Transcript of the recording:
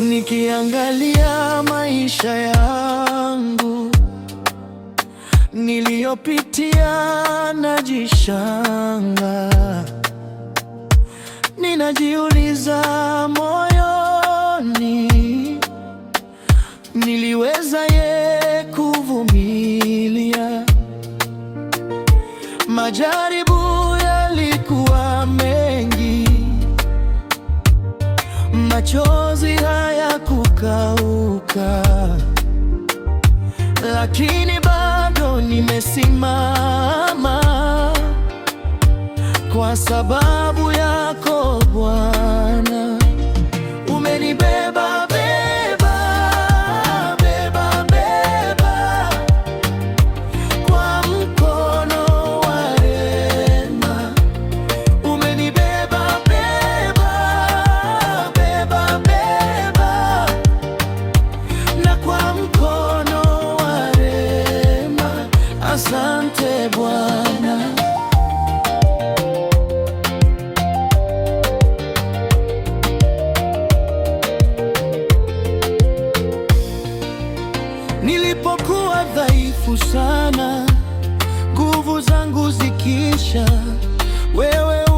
Nikiangalia maisha yangu niliyopitia, najishanga, ninajiuliza moyoni, niliweza ye kuvumilia? Majaribu yalikuwa mengi machozi kukauka, lakini bado nimesimama kwa sababu ya Nilipokuwa dhaifu sana, nguvu zangu zikisha, wewe